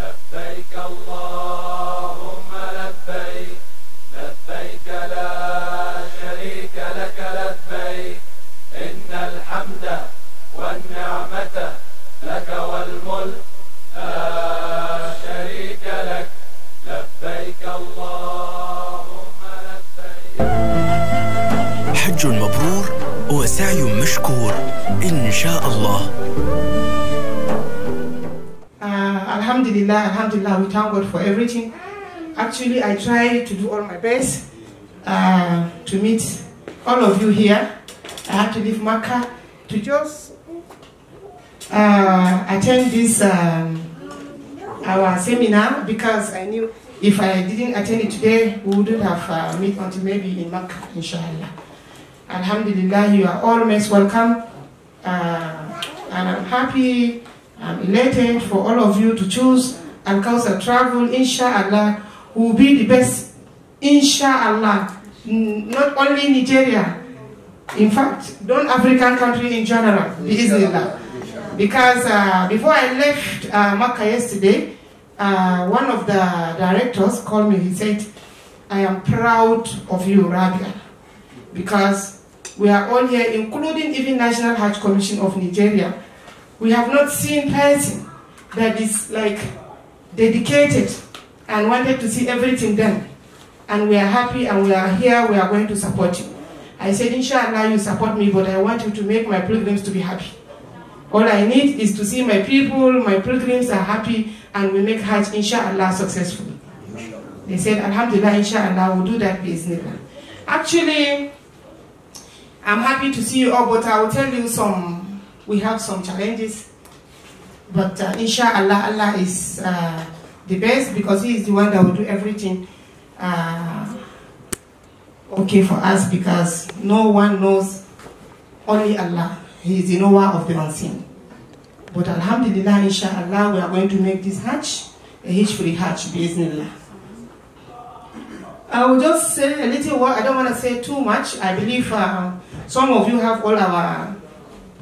لبيك اللهم لبيك لبيك لا شريك لك لبيك إن الحمد والنعمة لك والملك لا شريك لك لبيك اللهم لبيك حج مبرور وسعي مشكور إن شاء الله Alhamdulillah, Alhamdulillah, we thank God for everything. Actually, I try to do all my best uh, to meet all of you here. I had to leave Makkah to just uh, attend this um, our seminar because I knew if I didn't attend it today, we wouldn't have uh, met until maybe in Makkah, inshallah. Alhamdulillah, you are all most welcome. Uh, and I'm happy I'm elated for all of you to choose and council travel, inshallah, will be the best, inshallah, not only Nigeria, in fact, non African country in general, inshallah. Because uh, before I left uh, yesterday, uh, one of the directors called me, he said, I am proud of you, Rabia, because we are all here, including even National Hajj Commission of Nigeria, we have not seen person that is like dedicated and wanted to see everything done. And we are happy and we are here, we are going to support you. I said, inshallah, you support me, but I want you to make my pilgrims to be happy. All I need is to see my people, my pilgrims are happy, and we make Hajj, inshallah, successful. They said, alhamdulillah, inshallah, we'll do that business. Actually, I'm happy to see you all, but I will tell you some we have some challenges. But uh, inshallah, Allah is uh, the best because He is the one that will do everything uh, okay for us because no one knows, only Allah. He is the knower of the unseen. But alhamdulillah, inshallah, we are going to make this hatch a hitch-free hatch, bismillah. I will just say a little word. I don't want to say too much. I believe uh, some of you have all our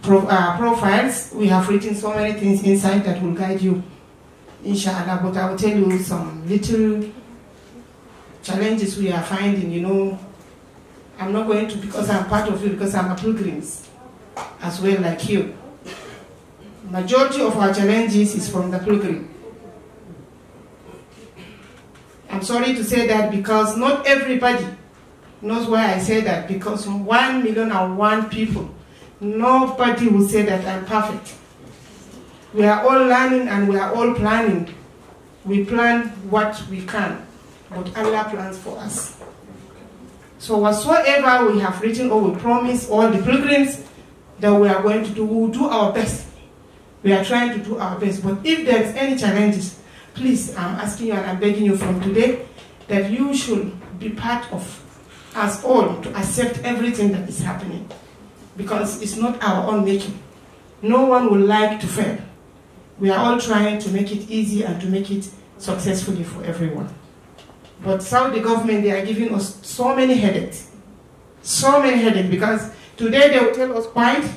pro, uh, profiles. We have written so many things inside that will guide you, inshallah. But I will tell you some little challenges we are finding, you know. I'm not going to because I'm part of you, because I'm a pilgrims as well like you. Majority of our challenges is from the pilgrim. I'm sorry to say that because not everybody knows why I say that because one million and one people Nobody will say that I'm perfect. We are all learning and we are all planning. We plan what we can, but Allah plans for us. So whatsoever we have written or we promise all the pilgrims that we are going to do, we will do our best. We are trying to do our best. But if there's any challenges, please, I'm asking you and I'm begging you from today that you should be part of us all to accept everything that is happening because it's not our own making. No one would like to fail. We are all trying to make it easy and to make it successfully for everyone. But Saudi government, they are giving us so many headaches. So many headaches because today they will tell us white,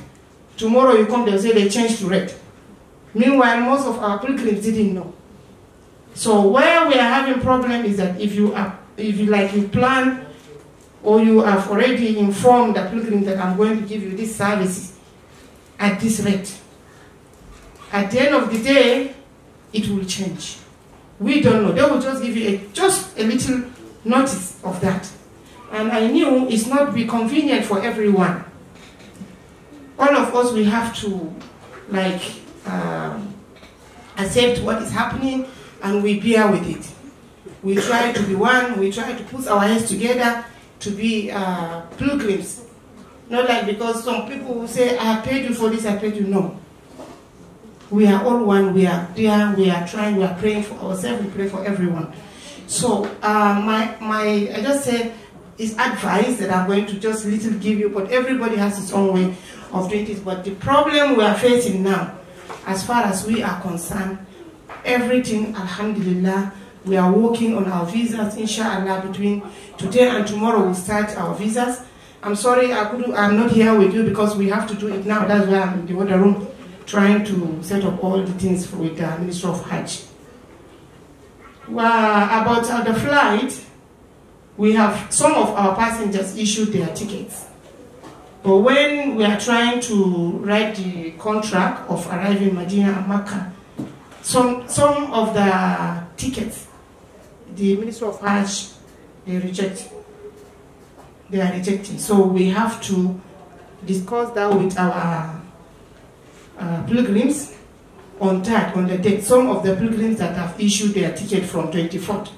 tomorrow you come, they will say they changed to red. Meanwhile, most of our pilgrims didn't know. So where we are having problem is that if you, are, if you like you plan or you have already informed the pilgrim that I'm going to give you this service at this rate. At the end of the day, it will change. We don't know. They will just give you a, just a little notice of that. And I knew it's not be convenient for everyone. All of us, we have to like um, accept what is happening and we bear with it. We try to be one, we try to put our heads together to be uh, pilgrims. Not like because some people will say, I paid you for this, I paid you. No. We are all one, we are there, we are trying, we are praying for ourselves, we pray for everyone. So uh, my, my, I just say, it's advice that I'm going to just little give you, but everybody has its own way of doing it. But the problem we are facing now, as far as we are concerned, everything, alhamdulillah, we are working on our visas, inshallah, between today and tomorrow we'll start our visas. I'm sorry, I could I'm not here with you because we have to do it now. That's why I'm in the water room trying to set up all the things with the Minister of Hajj. Well, about uh, the flight, we have some of our passengers issued their tickets. But when we are trying to write the contract of arriving Medina and Makkah, some, some of the tickets the Minister of Hajj, they reject. They are rejecting. So we have to discuss that with our uh, pilgrims on that, on the date. Some of the pilgrims that have issued their ticket from 24th.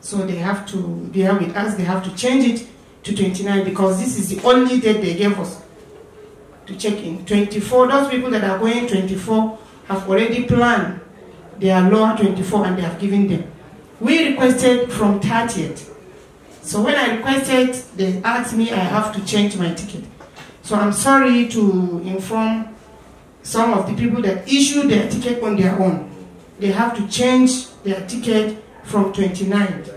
So they have to, they are with us, they have to change it to 29 because this is the only date they gave us to check in. 24, those people that are going 24 have already planned their law 24 and they have given them. We requested from 30th. So when I requested, they asked me I have to change my ticket. So I'm sorry to inform some of the people that issue their ticket on their own. They have to change their ticket from 29th. To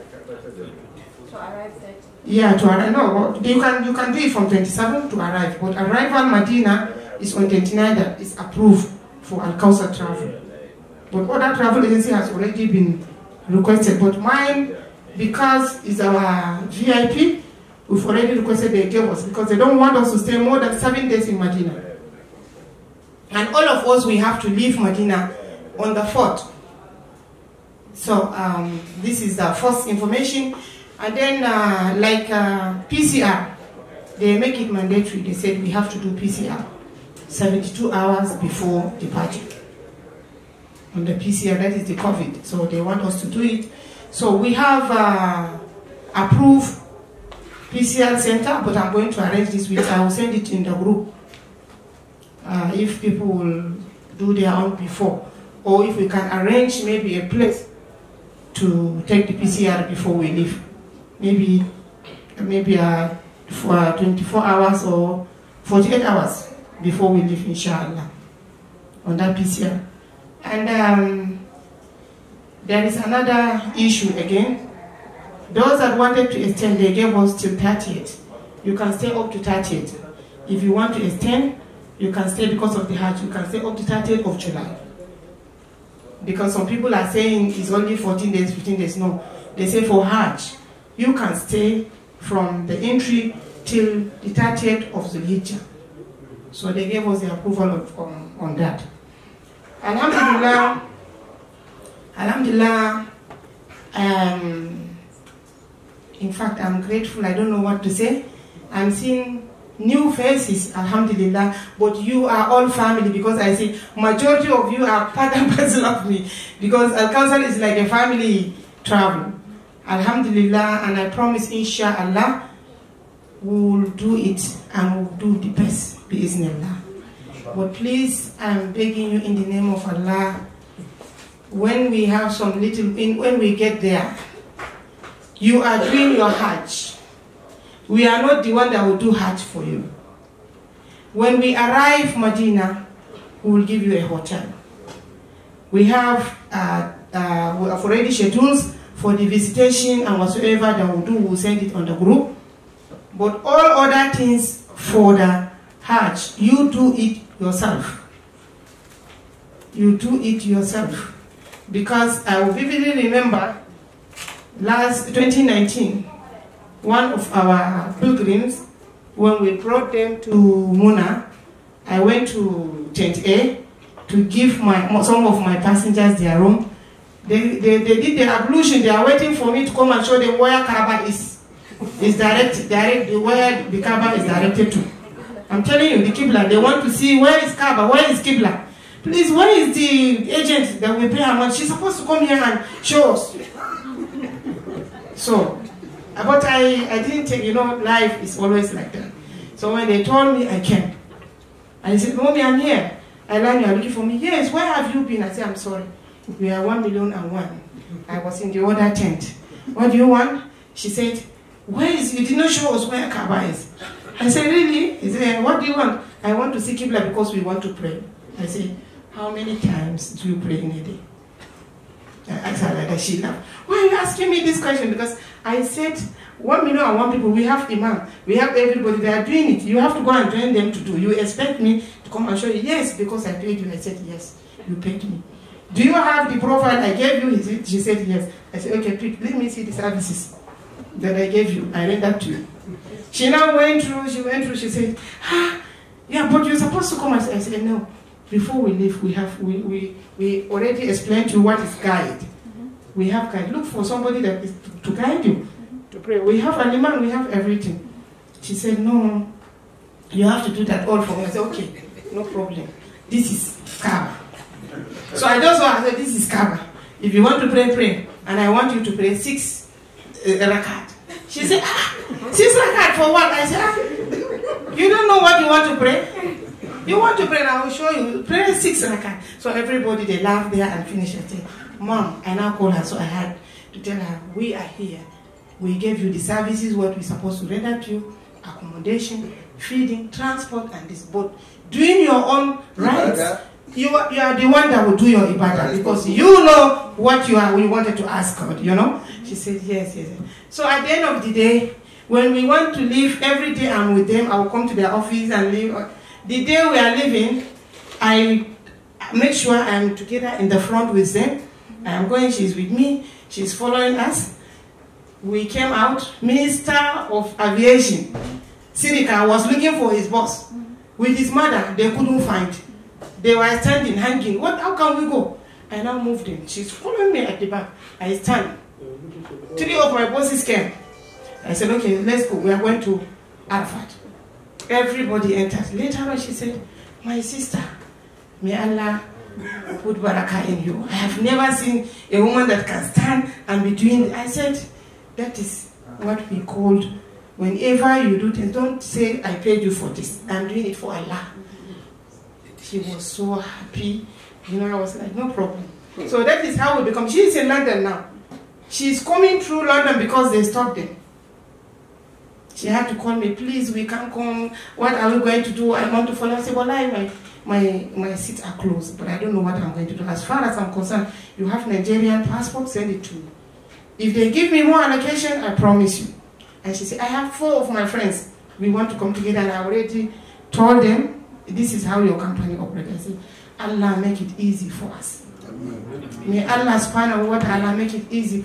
arrive 30. Yeah, to arrive. No, you can, you can do it from 27 to arrive. But arrival Medina is on 29 that is approved for Al-Kausa travel. But other travel agency has already been requested, but mine, because it's our VIP, we've already requested they gave us because they don't want us to stay more than seven days in Medina. And all of us, we have to leave Medina on the 4th. So um, this is the first information. And then uh, like uh, PCR, they make it mandatory. They said we have to do PCR 72 hours before departure on the PCR, that is the COVID. So they want us to do it. So we have uh, approved PCR center, but I'm going to arrange this with, I will send it in the group uh, if people will do their own before. Or if we can arrange maybe a place to take the PCR before we leave. Maybe, maybe uh, for uh, 24 hours or 48 hours before we leave, inshallah, on that PCR. And um, there is another issue again. Those that wanted to extend, they gave us till 30th. You can stay up to 30th. If you want to extend, you can stay because of the Hajj, you can stay up to 30th of July. Because some people are saying it's only 14 days, 15 days. No, they say for Hajj, you can stay from the entry till the 30th of the Zulhijjah. So they gave us the approval of, um, on that. Alhamdulillah, Alhamdulillah, um, in fact, I'm grateful. I don't know what to say. I'm seeing new faces, Alhamdulillah, but you are all family because I see majority of you are part and parcel of me because Al Council is like a family travel. Alhamdulillah, and I promise, inshallah, we will do it and we'll do the best. Bismillah. But please, I'm begging you in the name of Allah, when we have some little, when we get there, you are doing your Hajj. We are not the one that will do Hajj for you. When we arrive Medina, we will give you a hotel. We have, uh, uh, we have already schedules for the visitation and whatsoever that we'll do, we'll send it on the group. But all other things for the Hajj, you do it yourself. You do it yourself. Because I vividly remember last 2019, one of our pilgrims, when we brought them to Muna, I went to tent A to give my, some of my passengers their room. They, they, they did the ablution. They are waiting for me to come and show them where Kaaba is. Is direct, direct, where the Kaaba is directed to. I'm telling you, the Kibla. They want to see where is Kaba, where is Kibla. Please, where is the agent that will pay her money? She's supposed to come here and show us. so, but I, I didn't take, you know, life is always like that. So when they told me, I came. And I said, Mommy, I'm here. And then you are looking for me. Yes, where have you been? I said, I'm sorry. We are one million and one. I was in the other tent. What do you want? She said, where is, you did not show us where Kaba is. I said, really? He said, what do you want? I want to see Qibla because we want to pray. I said, how many times do you pray in a day? I asked her like that. She laughed. Why are you asking me this question? Because I said, one million and one people, we have imam, we have everybody, they are doing it. You have to go and join them to do. You expect me to come and show you? Yes, because I paid you. I said, yes, you paid me. Do you have the profile I gave you? She said, yes. I said, okay, please, let me see the services that I gave you, I read that to you. She now went through, she went through, she said, ah, yeah, but you're supposed to come. I said, no, before we leave, we have, we, we, we already explained to you what is guide. Mm-hmm. We have guide. Look for somebody that is to, to guide you mm-hmm. to pray. We have an imam, we have everything. She said, no, you have to do that all for me. I said, okay, no problem. This is Kaaba. So I just want, I said, this is Kaaba. If you want to pray, pray. And I want you to pray six Eh, eh, rakat. She said, ah, six rakat for what? I said, ah, you don't know what you want to pray? You want to pray, and I will show you. Pray six rakat. So everybody, they laugh there and finish. I say, Mom, I now call her, so I had to tell her, we are here. We gave you the services, what we're supposed to render to you, accommodation, feeding, transport, and this boat. Doing your own rights you are, you are the one that will do your ibadah because you know what you are. We wanted to ask God, you know. She said yes, yes. So at the end of the day, when we want to leave every day, I'm with them. I will come to their office and leave. The day we are leaving, I make sure I'm together in the front with them. I'm going. She's with me. She's following us. We came out. Minister of Aviation, Sirika was looking for his boss with his mother. They couldn't find. They were standing, hanging. What? How can we go? I now moved in. She's following me at the back. I stand. Three of my bosses came. I said, okay, let's go. We are going to Arafat. Everybody entered. Later on, she said, my sister, may Allah put barakah in you. I have never seen a woman that can stand and be doing. I said, that is what we called. Whenever you do things, don't say, I paid you for this. I'm doing it for Allah. She was so happy. You know, I was like, no problem. Hmm. So that is how we become. She's in London now. She's coming through London because they stopped them. She had to call me, please, we can't come. What are we going to do? I want to follow. I said, well, I, my, my, my seats are closed, but I don't know what I'm going to do. As far as I'm concerned, you have Nigerian passport, send it to me. If they give me more allocation, I promise you. And she said, I have four of my friends. We want to come together, and I already told them this is how your company operates. I said, Allah make it easy for us. May Allah subhanahu wa Allah make it easy.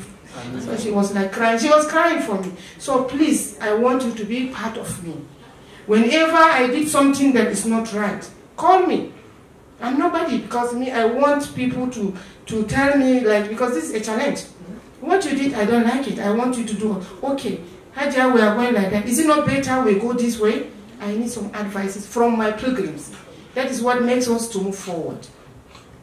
So she was like crying. She was crying for me. So please, I want you to be part of me. Whenever I did something that is not right, call me. I'm nobody because me, I want people to, to tell me like, because this is a challenge. What you did, I don't like it. I want you to do, okay, do we are going like that. Is it not better we go this way? I need some advices from my pilgrims. That is what makes us to move forward.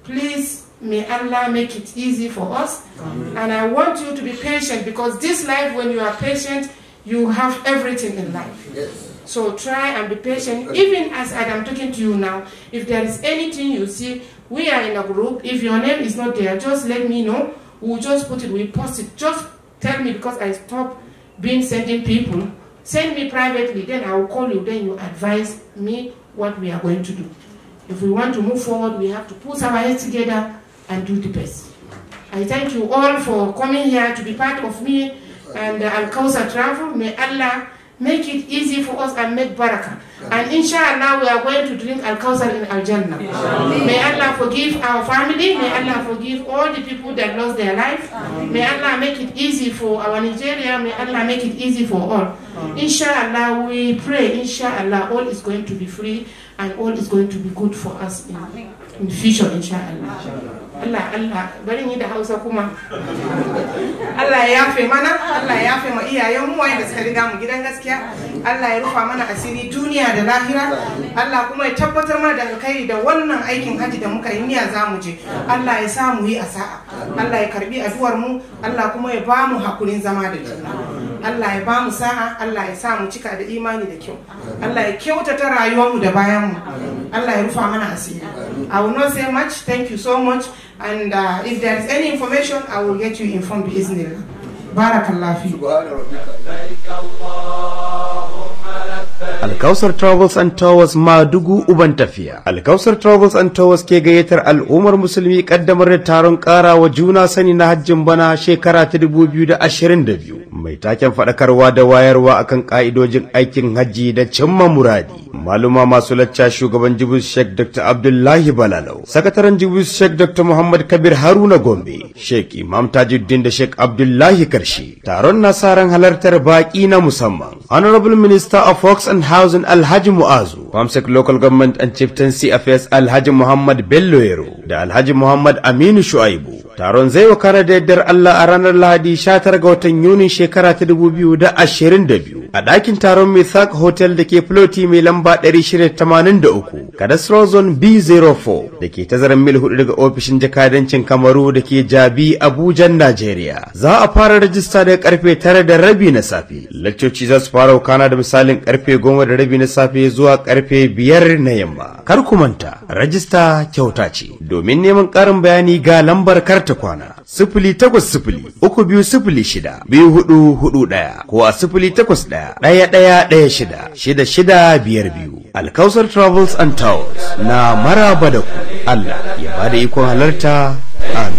Please, may Allah make it easy for us. Amen. And I want you to be patient because this life, when you are patient, you have everything in life. Yes. So try and be patient. Even as I'm talking to you now, if there is anything you see, we are in a group. If your name is not there, just let me know. We'll just put it, we will post it. Just tell me because I stop being sending people Send me privately, then I will call you, then you advise me what we are going to do. If we want to move forward, we have to put our heads together and do the best. I thank you all for coming here to be part of me and Al-Kausa Travel. May Allah Make it easy for us and make barakah. And inshallah, we are going to drink Al Kawthar in Al Jannah. May Allah forgive our family. May Allah forgive all the people that lost their life. May Allah make it easy for our Nigeria. May Allah make it easy for all. Inshallah, we pray. Inshallah, all is going to be free and all is going to be good for us in, in future. Inshallah. Allah, Allah, bring me the house of Kuma. Allah ya yafe mana Allah ya yafe ma iyayen mu wanda suka riga mu gidan gaskiya Allah ya rufa mana asiri duniya da lahira Allah kuma ya tabbatar mana da alkhairi da wannan aikin haji da muka yi niyya za mu je Allah ya sa mu yi asa'a Allah ya karbi addu'ar mu Allah kuma ya ba mu hakurin zama da juna Allah ya ba mu sa'a Allah ya sa mu cika da imani da kyau Allah ya kyautata rayuwar mu da bayan mu Allah ya rufa mana asiri I will not say much. Thank you so much. And uh, if there is any information, I will get you informed. Isnillah. Barakallah. Alkausar Travels and Towers Madugu uban tafiya. Alkausar Travels and Towers ke gayyatar al'ummar musulmi kaddamar da taron wa juna sani na hajjin bana shekara ta da da ashirin biyu. Mai taken faɗakarwa da wayarwa akan ka'idojin aikin hajji da cimma muradi. Maluma masu lacca shugaban Jibus Sheikh Dr. Abdullahi Balalau, sakataren Jibus Sheikh Dr. Muhammad Kabir Haruna Gombe, Sheikh Imam Tajuddin da Sheikh Abdullahi Karshe. Taron nasaran halartar baƙi na musamman. Honorable Minister of Works and Housing Alhaji Mu'azu, Pamsek Local Government and Chieftaincy Affairs Alhaji Muhammad Bello da Alhaji Muhammad Aminu Shu'aibu. taron zai wakana da yaddar Allah a ranar Lahadi 19 ga watan Yunin shekara ta 2022 a ɗakin taron mai sak Hotel da ke Floti mai lamba 683 kada Zone B04 da ke tazarar mil hudu daga ofishin jakadancin Kamaru da ke Jabi Abuja Najeriya. Za a fara rajista da karfe 9 da rabi na safe. lakcoci za su fara wakana da misalin karfe goma da rabi na safe zuwa karfe biyar na yamma. Kar ku manta, rajista kyauta ce. Domin neman ƙarin bayani ga lambar karta ta kwana sifili takwas sifili uku biyu sifili shida biyu hudu hudu ɗaya ko a sifili takwas ɗaya ɗaya ɗaya ɗaya shida shida shida biyar biyu alkausar travels and towers na maraba da ku allah ya bada ikon halarta amin